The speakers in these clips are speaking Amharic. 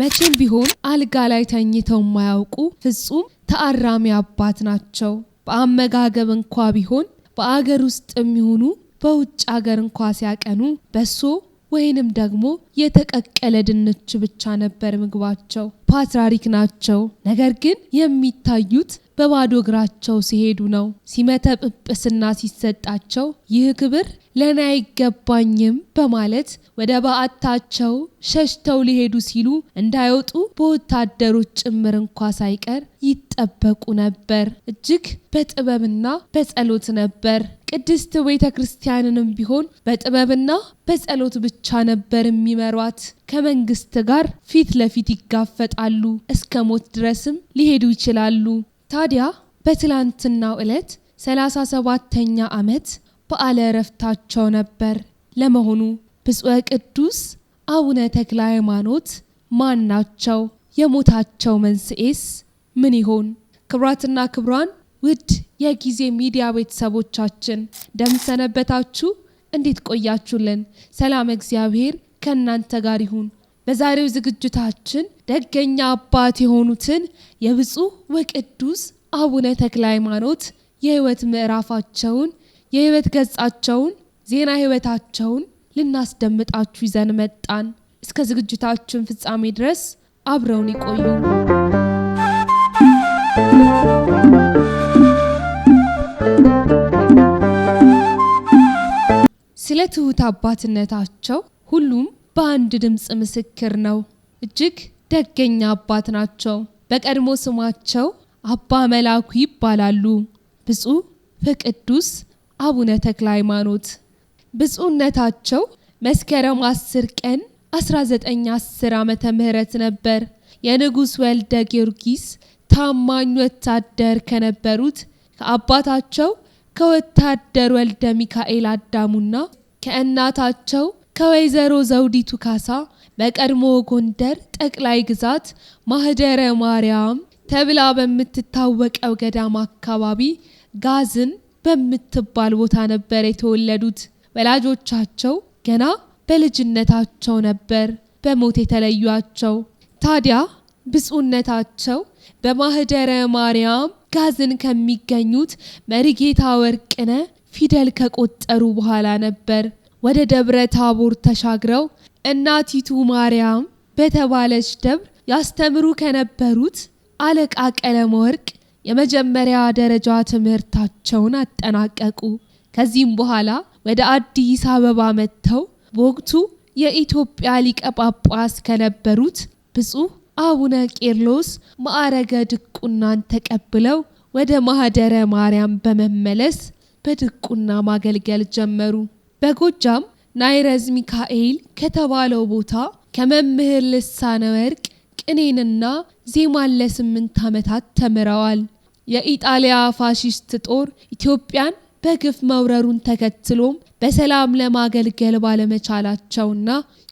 መቼም ቢሆን አልጋ ላይ ተኝተው የማያውቁ ፍጹም ተአራሚ አባት ናቸው። በአመጋገብ እንኳ ቢሆን በአገር ውስጥ የሚሆኑ በውጭ አገር እንኳ ሲያቀኑ በሶ ወይንም ደግሞ የተቀቀለ ድንች ብቻ ነበር ምግባቸው። ፓትራሪክ ናቸው፣ ነገር ግን የሚታዩት በባዶ እግራቸው ሲሄዱ ነው። ሲመተ ጵጵስና ሲሰጣቸው ይህ ክብር ለእኔ አይገባኝም በማለት ወደ በዓታቸው ሸሽተው ሊሄዱ ሲሉ እንዳይወጡ በወታደሮች ጭምር እንኳ ሳይቀር ይጠበቁ ነበር። እጅግ በጥበብና በጸሎት ነበር። ቅድስት ቤተ ክርስቲያንንም ቢሆን በጥበብና በጸሎት ብቻ ነበር የሚመ ሲመሯት ከመንግስት ጋር ፊት ለፊት ይጋፈጣሉ፣ እስከ ሞት ድረስም ሊሄዱ ይችላሉ። ታዲያ በትላንትናው ዕለት 37ተኛ ዓመት በዓለ እረፍታቸው ነበር። ለመሆኑ ብፁዕ ቅዱስ አቡነ ተክለ ሃይማኖት ማን ናቸው? የሞታቸው መንስኤስ ምን ይሆን? ክብራትና ክብሯን ውድ የጊዜ ሚዲያ ቤተሰቦቻችን እንደምሰነበታችሁ፣ እንዴት ቆያችሁልን? ሰላም እግዚአብሔር ከእናንተ ጋር ይሁን። በዛሬው ዝግጅታችን ደገኛ አባት የሆኑትን የብፁዕ ወቅዱስ አቡነ ተክለ ሃይማኖት የህይወት ምዕራፋቸውን፣ የህይወት ገጻቸውን፣ ዜና ህይወታቸውን ልናስደምጣችሁ ይዘን መጣን። እስከ ዝግጅታችን ፍጻሜ ድረስ አብረውን ይቆዩ። ስለ ትሑት አባትነታቸው ሁሉም በአንድ ድምፅ ምስክር ነው። እጅግ ደገኛ አባት ናቸው። በቀድሞ ስማቸው አባ መላኩ ይባላሉ። ብፁዕ በቅዱስ አቡነ ተክለ ሃይማኖት ብፁዕነታቸው መስከረም 10 ቀን 1910 ዓመተ ምህረት ነበር የንጉሥ ወልደ ጊዮርጊስ ታማኝ ወታደር ከነበሩት ከአባታቸው ከወታደር ወልደ ሚካኤል አዳሙና ከእናታቸው ከወይዘሮ ዘውዲቱ ካሳ በቀድሞ ጎንደር ጠቅላይ ግዛት ማህደረ ማርያም ተብላ በምትታወቀው ገዳም አካባቢ ጋዝን በምትባል ቦታ ነበር የተወለዱት። ወላጆቻቸው ገና በልጅነታቸው ነበር በሞት የተለዩቸው። ታዲያ ብፁዕነታቸው በማህደረ ማርያም ጋዝን ከሚገኙት መሪጌታ ወርቅነ ፊደል ከቆጠሩ በኋላ ነበር ወደ ደብረ ታቦር ተሻግረው እናቲቱ ማርያም በተባለች ደብር ያስተምሩ ከነበሩት አለቃ ቀለም ወርቅ የመጀመሪያ ደረጃ ትምህርታቸውን አጠናቀቁ። ከዚህም በኋላ ወደ አዲስ አበባ መጥተው በወቅቱ የኢትዮጵያ ሊቀ ጳጳስ ከነበሩት ብፁዕ አቡነ ቄርሎስ ማዕረገ ድቁናን ተቀብለው ወደ ማህደረ ማርያም በመመለስ በድቁና ማገልገል ጀመሩ። በጎጃም ናይረዝ ሚካኤል ከተባለው ቦታ ከመምህር ልሳነ ወርቅ ቅኔንና ዜማን ለስምንት ዓመታት ተምረዋል። የኢጣሊያ ፋሺስት ጦር ኢትዮጵያን በግፍ መውረሩን ተከትሎም በሰላም ለማገልገል ባለመቻላቸውና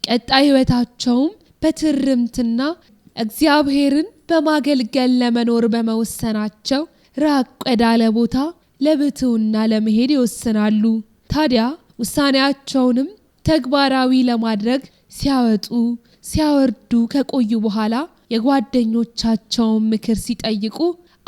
ቀጣይ ሕይወታቸውም በትርምትና እግዚአብሔርን በማገልገል ለመኖር በመወሰናቸው ራቅ ወዳለ ቦታ ለብትውና ለመሄድ ይወስናሉ። ታዲያ ውሳኔያቸውንም ተግባራዊ ለማድረግ ሲያወጡ ሲያወርዱ ከቆዩ በኋላ የጓደኞቻቸውን ምክር ሲጠይቁ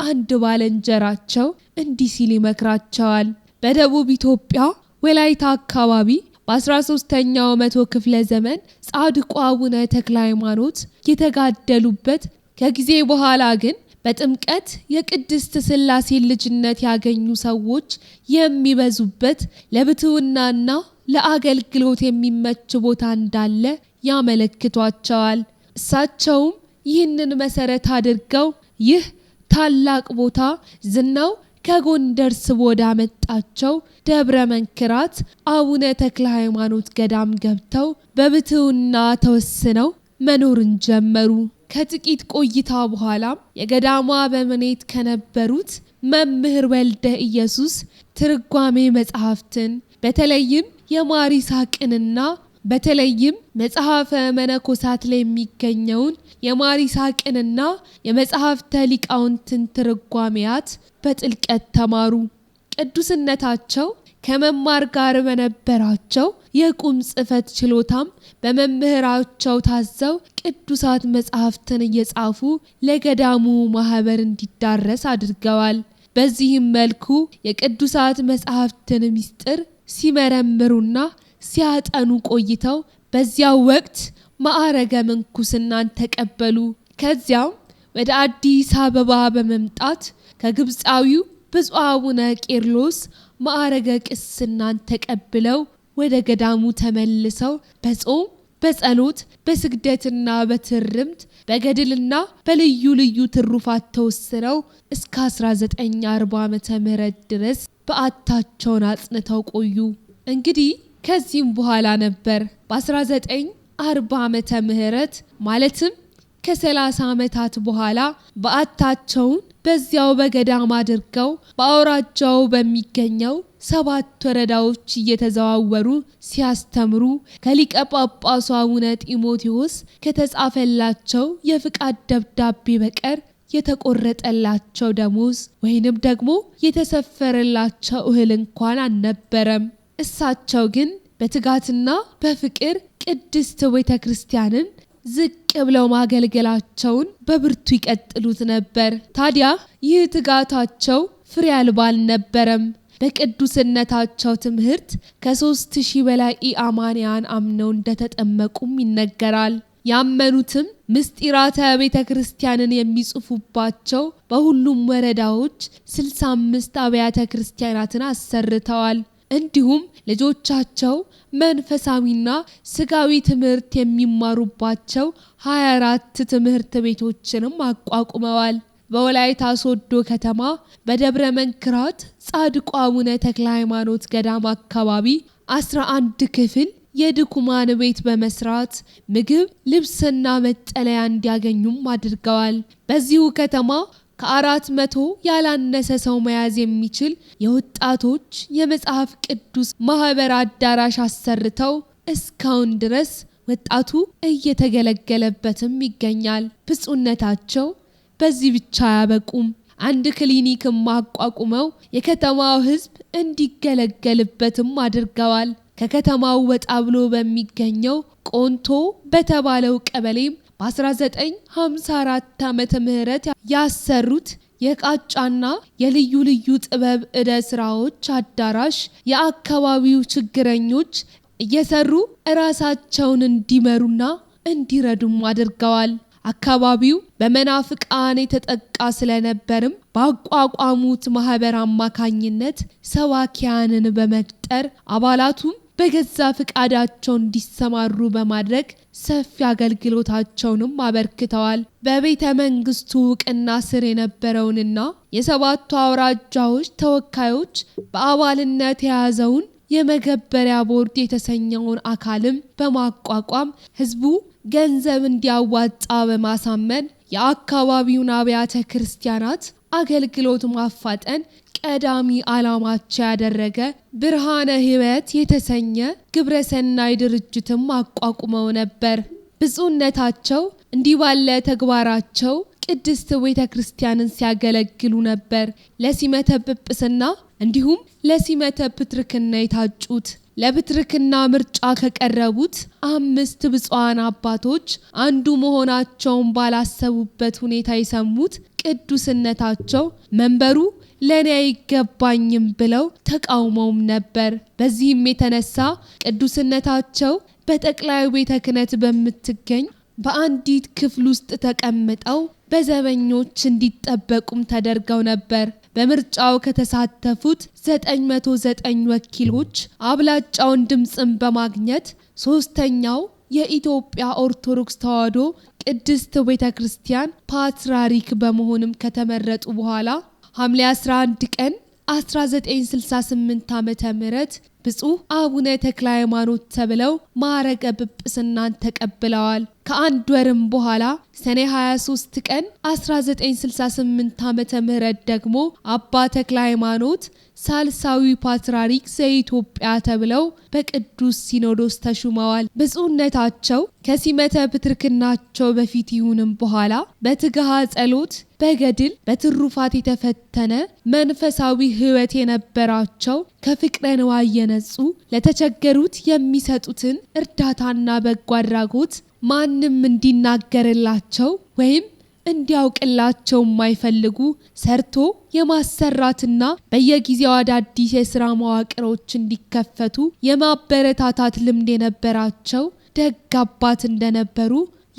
አንድ ባለንጀራቸው እንዲህ ሲል ይመክራቸዋል። በደቡብ ኢትዮጵያ ወላይታ አካባቢ በ13ኛው መቶ ክፍለ ዘመን ጻድቁ አቡነ ተክለ ሃይማኖት የተጋደሉበት ከጊዜ በኋላ ግን በጥምቀት የቅድስት ስላሴ ልጅነት ያገኙ ሰዎች የሚበዙበት ለብትውናና ለአገልግሎት የሚመች ቦታ እንዳለ ያመለክቷቸዋል። እሳቸውም ይህንን መሰረት አድርገው ይህ ታላቅ ቦታ ዝናው ከጎንደር ስቦ ወዳመጣቸው ደብረ መንክራት አቡነ ተክለ ሃይማኖት ገዳም ገብተው በብትውና ተወስነው መኖርን ጀመሩ። ከጥቂት ቆይታ በኋላም የገዳሟ በመኔት ከነበሩት መምህር ወልደ ኢየሱስ ትርጓሜ መጽሐፍትን በተለይም የማሪሳቅንና በተለይም መጽሐፈ መነኮሳት ላይ የሚገኘውን ቅንና የመጽሐፍተ ሊቃውንትን ትርጓሜያት በጥልቀት ተማሩ። ቅዱስነታቸው ከመማር ጋር በነበራቸው የቁም ጽህፈት ችሎታም በመምህራቸው ታዘው ቅዱሳት መጻሕፍትን እየጻፉ ለገዳሙ ማህበር እንዲዳረስ አድርገዋል። በዚህም መልኩ የቅዱሳት መጻሕፍትን ምስጢር ሲመረምሩና ሲያጠኑ ቆይተው በዚያው ወቅት ማዕረገ ምንኩስናን ተቀበሉ። ከዚያም ወደ አዲስ አበባ በመምጣት ከግብፃዊው ብፁዕ አቡነ ቄርሎስ ማዕረገ ቅስናን ተቀብለው ወደ ገዳሙ ተመልሰው በጾም በጸሎት በስግደትና በትርምት በገድልና በልዩ ልዩ ትሩፋት ተወስነው እስከ 1940 ዓ ም ድረስ በአታቸውን አጽንተው ቆዩ። እንግዲህ ከዚህም በኋላ ነበር በ1940 ዓ ም ማለትም ከሰላሳ ዓመታት በኋላ በዓታቸውን በዚያው በገዳም አድርገው በአውራጃው በሚገኘው ሰባት ወረዳዎች እየተዘዋወሩ ሲያስተምሩ ከሊቀ ጳጳሱ አቡነ ጢሞቴዎስ ከተጻፈላቸው የፍቃድ ደብዳቤ በቀር የተቆረጠላቸው ደሞዝ ወይንም ደግሞ የተሰፈረላቸው እህል እንኳን አልነበረም። እሳቸው ግን በትጋትና በፍቅር ቅድስት ቤተ ክርስቲያንን ዝቅ ብለው ማገልገላቸውን በብርቱ ይቀጥሉት ነበር። ታዲያ ይህ ትጋታቸው ፍሬ አልባ አልነበረም። በቅዱስነታቸው ትምህርት ከሶስት ሺህ በላይ ኢአማንያን አምነው እንደተጠመቁም ይነገራል። ያመኑትም ምስጢራተ ቤተ ክርስቲያንን የሚጽፉባቸው በሁሉም ወረዳዎች ስልሳ አምስት አብያተ ክርስቲያናትን አሰርተዋል። እንዲሁም ልጆቻቸው መንፈሳዊና ስጋዊ ትምህርት የሚማሩባቸው 24 ትምህርት ቤቶችንም አቋቁመዋል። በወላይታ ሶዶ ከተማ በደብረ መንክራት ጻድቁ አቡነ ተክለ ሃይማኖት ገዳም አካባቢ 11 ክፍል የድኩማን ቤት በመስራት ምግብ ልብስና መጠለያ እንዲያገኙም አድርገዋል። በዚሁ ከተማ ከአራት መቶ ያላነሰ ሰው መያዝ የሚችል የወጣቶች የመጽሐፍ ቅዱስ ማህበር አዳራሽ አሰርተው እስካሁን ድረስ ወጣቱ እየተገለገለበትም ይገኛል። ብፁዕነታቸው በዚህ ብቻ አያበቁም። አንድ ክሊኒክም አቋቁመው የከተማው ሕዝብ እንዲገለገልበትም አድርገዋል። ከከተማው ወጣ ብሎ በሚገኘው ቆንቶ በተባለው ቀበሌም በ1954 ዓመተ ምህረት ያሰሩት የቃጫና የልዩ ልዩ ጥበብ እደ ስራዎች አዳራሽ የአካባቢው ችግረኞች እየሰሩ እራሳቸውን እንዲመሩና እንዲረዱም አድርገዋል። አካባቢው በመናፍቃን የተጠቃ ስለነበርም ባቋቋሙት ማህበር አማካኝነት ሰዋኪያንን በመቅጠር አባላቱም በገዛ ፍቃዳቸው እንዲሰማሩ በማድረግ ሰፊ አገልግሎታቸውንም አበርክተዋል። በቤተ መንግስቱ እውቅና ስር የነበረውንና የሰባቱ አውራጃዎች ተወካዮች በአባልነት የያዘውን የመገበሪያ ቦርድ የተሰኘውን አካልም በማቋቋም ህዝቡ ገንዘብ እንዲያዋጣ በማሳመን የአካባቢውን አብያተ ክርስቲያናት አገልግሎት ማፋጠን ቀዳሚ ዓላማቸው ያደረገ ብርሃነ ሕይወት የተሰኘ ግብረሰናይ ድርጅትም አቋቁመው ነበር። ብፁዕነታቸው እንዲህ ባለ ተግባራቸው ቅድስት ቤተ ክርስቲያንን ሲያገለግሉ ነበር። ለሲመተ ጵጵስና እንዲሁም ለሲመተ ፕትርክና የታጩት ለብትርክና ምርጫ ከቀረቡት አምስት ብፁዓን አባቶች አንዱ መሆናቸውን ባላሰቡበት ሁኔታ የሰሙት ቅዱስነታቸው መንበሩ ለእኔ አይገባኝም ብለው ተቃውመውም ነበር። በዚህም የተነሳ ቅዱስነታቸው በጠቅላይ ቤተ ክህነት በምትገኝ በአንዲት ክፍል ውስጥ ተቀምጠው በዘበኞች እንዲጠበቁም ተደርገው ነበር። በምርጫው ከተሳተፉት 909 ወኪሎች አብላጫውን ድምፅን በማግኘት ሶስተኛው የኢትዮጵያ ኦርቶዶክስ ተዋሕዶ ቅድስት ቤተ ክርስቲያን ፓትርያርክ በመሆንም ከተመረጡ በኋላ ሐምሌ 11 ቀን 1968 ዓ ም ብፁዕ አቡነ ተክለ ሃይማኖት ተብለው ማዕረገ ጵጵስናን ተቀብለዋል። ከአንድ ወርም በኋላ ሰኔ 23 ቀን 1968 ዓ ም ደግሞ አባ ተክለ ሃይማኖት ሳልሳዊ ፓትርያርክ ዘኢትዮጵያ ተብለው በቅዱስ ሲኖዶስ ተሹመዋል። ብፁዕነታቸው ከሲመተ ፕትርክናቸው በፊት ይሁንም በኋላ በትግሃ ጸሎት፣ በገድል በትሩፋት የተፈተነ መንፈሳዊ ሕይወት የነበራቸው ከፍቅረ ንዋይ የነጹ ለተቸገሩት የሚሰጡትን እርዳታና በጎ አድራጎት ማንም እንዲናገርላቸው ወይም እንዲያውቅላቸው የማይፈልጉ ሰርቶ የማሰራትና በየጊዜው አዳዲስ የስራ መዋቅሮች እንዲከፈቱ የማበረታታት ልምድ የነበራቸው ደግ አባት እንደነበሩ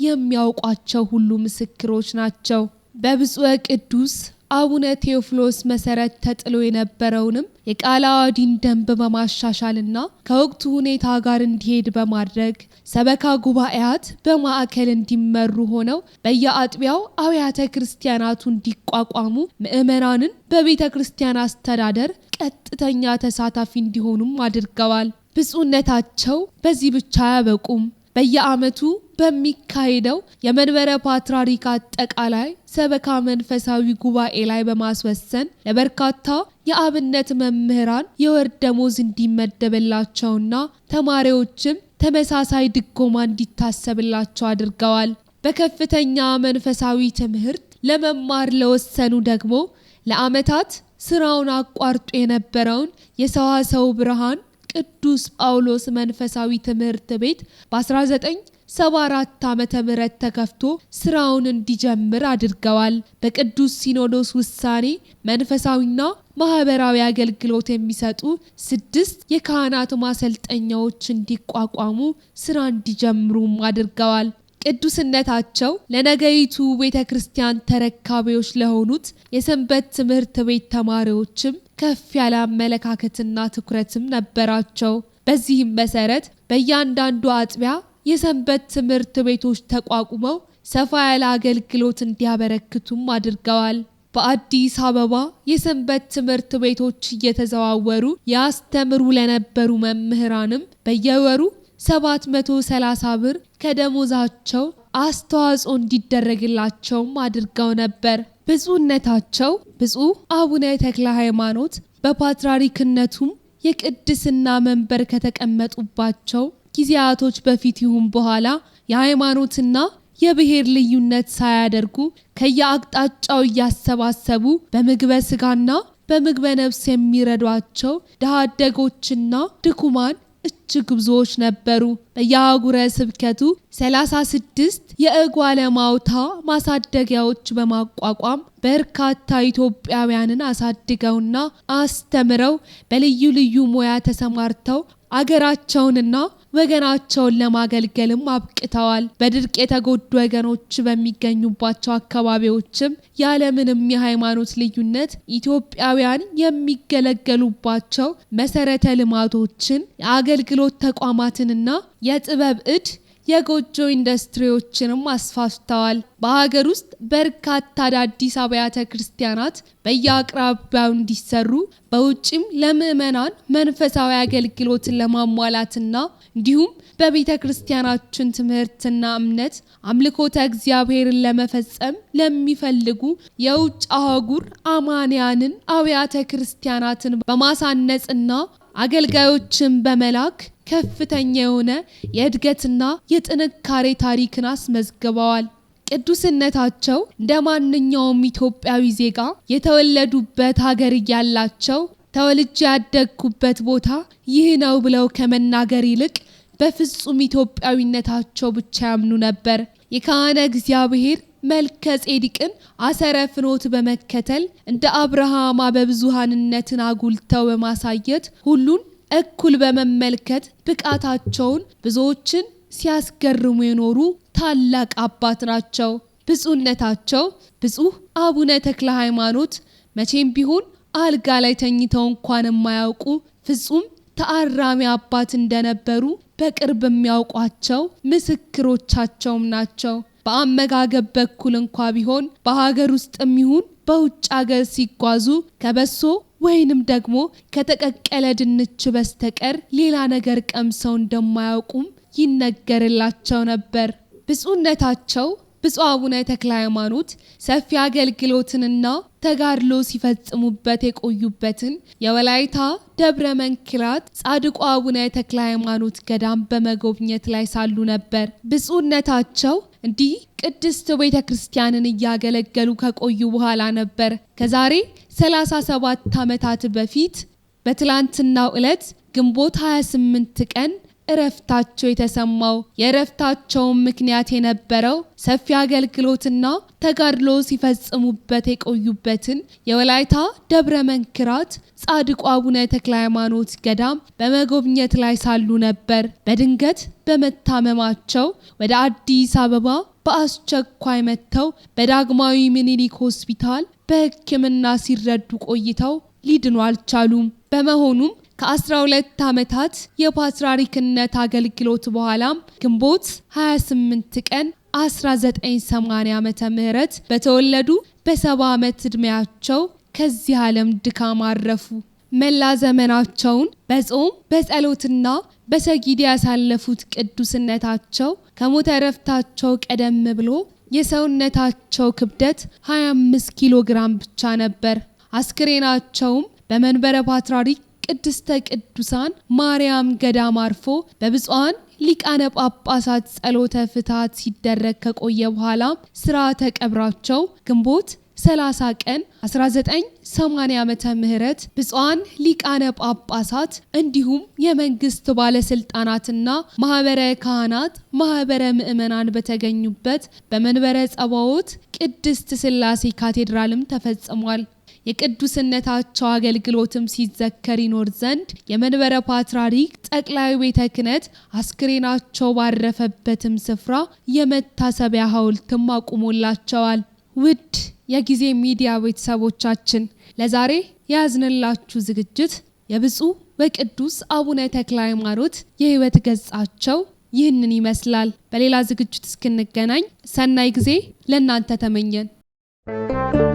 የሚያውቋቸው ሁሉ ምስክሮች ናቸው። በብፁዕ ቅዱስ አቡነ ቴዎፍሎስ መሰረት ተጥሎ የነበረውንም የቃለ አዋዲን ደንብ በማሻሻልና ከወቅቱ ሁኔታ ጋር እንዲሄድ በማድረግ ሰበካ ጉባኤያት በማዕከል እንዲመሩ ሆነው በየአጥቢያው አብያተ ክርስቲያናቱ እንዲቋቋሙ ምዕመናንን በቤተ ክርስቲያን አስተዳደር ቀጥተኛ ተሳታፊ እንዲሆኑም አድርገዋል። ብፁዕነታቸው በዚህ ብቻ አያበቁም። በየአመቱ። በሚካሄደው የመንበረ ፓትርያርክ አጠቃላይ ሰበካ መንፈሳዊ ጉባኤ ላይ በማስወሰን ለበርካታ የአብነት መምህራን የወር ደሞዝ እንዲመደብላቸውና ተማሪዎችም ተመሳሳይ ድጎማ እንዲታሰብላቸው አድርገዋል። በከፍተኛ መንፈሳዊ ትምህርት ለመማር ለወሰኑ ደግሞ ለዓመታት ስራውን አቋርጦ የነበረውን የሰዋሰው ብርሃን ቅዱስ ጳውሎስ መንፈሳዊ ትምህርት ቤት በ19 ሰባ አራት ዓመተ ምህረት ተከፍቶ ስራውን እንዲጀምር አድርገዋል። በቅዱስ ሲኖዶስ ውሳኔ መንፈሳዊና ማህበራዊ አገልግሎት የሚሰጡ ስድስት የካህናት ማሰልጠኛዎች እንዲቋቋሙ ስራ እንዲጀምሩም አድርገዋል። ቅዱስነታቸው ለነገይቱ ቤተ ክርስቲያን ተረካቢዎች ለሆኑት የሰንበት ትምህርት ቤት ተማሪዎችም ከፍ ያለ አመለካከትና ትኩረትም ነበራቸው። በዚህም መሰረት በእያንዳንዱ አጥቢያ የሰንበት ትምህርት ቤቶች ተቋቁመው ሰፋ ያለ አገልግሎት እንዲያበረክቱም አድርገዋል። በአዲስ አበባ የሰንበት ትምህርት ቤቶች እየተዘዋወሩ ያስተምሩ ለነበሩ መምህራንም በየወሩ 730 ብር ከደሞዛቸው አስተዋጽኦ እንዲደረግላቸውም አድርገው ነበር። ብፁዕነታቸው ብፁዕ አቡነ ተክለ ሃይማኖት በፓትርያርክነቱም የቅድስና መንበር ከተቀመጡባቸው ጊዜያቶች በፊት ይሁን በኋላ የሃይማኖትና የብሔር ልዩነት ሳያደርጉ ከየአቅጣጫው እያሰባሰቡ በምግበ ስጋና በምግበ ነፍስ የሚረዷቸው ደሃደጎችና ድኩማን እጅግ ብዙዎች ነበሩ። በየአህጉረ ስብከቱ 36 የእጓለ ማውታ ማሳደጊያዎች በማቋቋም በርካታ ኢትዮጵያውያንን አሳድገውና አስተምረው በልዩ ልዩ ሙያ ተሰማርተው አገራቸውንና ወገናቸውን ለማገልገልም አብቅተዋል። በድርቅ የተጎዱ ወገኖች በሚገኙባቸው አካባቢዎችም ያለምንም የሃይማኖት ልዩነት ኢትዮጵያውያን የሚገለገሉባቸው መሰረተ ልማቶችን የአገልግሎት ተቋማትንና የጥበብ እድ የጎጆ ኢንዱስትሪዎችንም አስፋፍተዋል። በሀገር ውስጥ በርካታ አዳዲስ አብያተ ክርስቲያናት በየአቅራቢያው እንዲሰሩ በውጭም ለምዕመናን መንፈሳዊ አገልግሎትን ለማሟላትና እንዲሁም በቤተ ክርስቲያናችን ትምህርትና እምነት አምልኮተ እግዚአብሔርን ለመፈጸም ለሚፈልጉ የውጭ አህጉር አማንያንን አብያተ ክርስቲያናትን በማሳነጽና አገልጋዮችን በመላክ ከፍተኛ የሆነ የእድገትና የጥንካሬ ታሪክን አስመዝግበዋል። ቅዱስነታቸው እንደ ማንኛውም ኢትዮጵያዊ ዜጋ የተወለዱበት ሀገር እያላቸው ተወልጄ ያደግኩበት ቦታ ይህ ነው ብለው ከመናገር ይልቅ በፍጹም ኢትዮጵያዊነታቸው ብቻ ያምኑ ነበር። የካህነ እግዚአብሔር መልከ ጼዲቅን አሰረ ፍኖት በመከተል እንደ አብርሃም አበብዙሃንነትን አጉልተው በማሳየት ሁሉን እኩል በመመልከት ብቃታቸውን ብዙዎችን ሲያስገርሙ የኖሩ ታላቅ አባት ናቸው። ብፁዕነታቸው ብፁዕ አቡነ ተክለ ሃይማኖት መቼም ቢሆን አልጋ ላይ ተኝተው እንኳን የማያውቁ ፍጹም ተአራሚ አባት እንደነበሩ በቅርብ የሚያውቋቸው ምስክሮቻቸውም ናቸው። በአመጋገብ በኩል እንኳ ቢሆን በሀገር ውስጥም ይሁን በውጭ አገር ሲጓዙ ከበሶ ወይንም ደግሞ ከተቀቀለ ድንች በስተቀር ሌላ ነገር ቀምሰው እንደማያውቁም ይነገርላቸው ነበር። ብፁዕነታቸው ብፁዕ አቡነ ተክለ ሃይማኖት ሰፊ አገልግሎትንና ተጋድሎ ሲፈጽሙበት የቆዩበትን የወላይታ ደብረ መንክራት ጻድቁ አቡነ ተክለ ሃይማኖት ገዳም በመጎብኘት ላይ ሳሉ ነበር። ብፁዕነታቸው እንዲህ ቅድስት ቤተ ክርስቲያንን እያገለገሉ ከቆዩ በኋላ ነበር ከዛሬ 37 ዓመታት በፊት በትላንትናው ዕለት ግንቦት 28 ቀን እረፍታቸው የተሰማው። የእረፍታቸውም ምክንያት የነበረው ሰፊ አገልግሎትና ተጋድሎ ሲፈጽሙበት የቆዩበትን የወላይታ ደብረ መንክራት ጻድቁ አቡነ ተክለ ሃይማኖት ገዳም በመጎብኘት ላይ ሳሉ ነበር በድንገት በመታመማቸው ወደ አዲስ አበባ በአስቸኳይ መጥተው በዳግማዊ ምኒልክ ሆስፒታል በሕክምና ሲረዱ ቆይተው ሊድኑ አልቻሉም። በመሆኑም ከ12 ዓመታት የፓትርያርክነት አገልግሎት በኋላም ግንቦት 28 ቀን 1980 ዓ ም በተወለዱ በሰባ ዓመት ዕድሜያቸው ከዚህ ዓለም ድካም አረፉ። መላ ዘመናቸውን በጾም በጸሎትና በሰጊድ ያሳለፉት ቅዱስነታቸው ከሞተ እረፍታቸው ቀደም ብሎ የሰውነታቸው ክብደት 25 ኪሎ ግራም ብቻ ነበር። አስክሬናቸውም በመንበረ ፓትርያርክ ቅድስተ ቅዱሳን ማርያም ገዳም አርፎ በብፁዓን ሊቃነ ጳጳሳት ጸሎተ ፍትሐት ሲደረግ ከቆየ በኋላ ስርዓተ ቀብራቸው ግንቦት 30 ቀን 1980 ዓመተ ምህረት ብፁዓን ሊቃነ ጳጳሳት እንዲሁም የመንግስት ባለስልጣናትና ማህበረ ካህናት፣ ማህበረ ምእመናን በተገኙበት በመንበረ ጸባዖት ቅድስት ስላሴ ካቴድራልም ተፈጽሟል። የቅዱስነታቸው አገልግሎትም ሲዘከር ይኖር ዘንድ የመንበረ ፓትርያርክ ጠቅላይ ቤተ ክህነት አስክሬናቸው ባረፈበትም ስፍራ የመታሰቢያ ሐውልትም አቁሞላቸዋል። ውድ የጊዜ ሚዲያ ቤተሰቦቻችን ለዛሬ የያዝንላችሁ ዝግጅት የብፁዕ በቅዱስ አቡነ ተክለ ሃይማኖት የሕይወት ገጻቸው ይህንን ይመስላል። በሌላ ዝግጅት እስክንገናኝ ሰናይ ጊዜ ለእናንተ ተመኘን።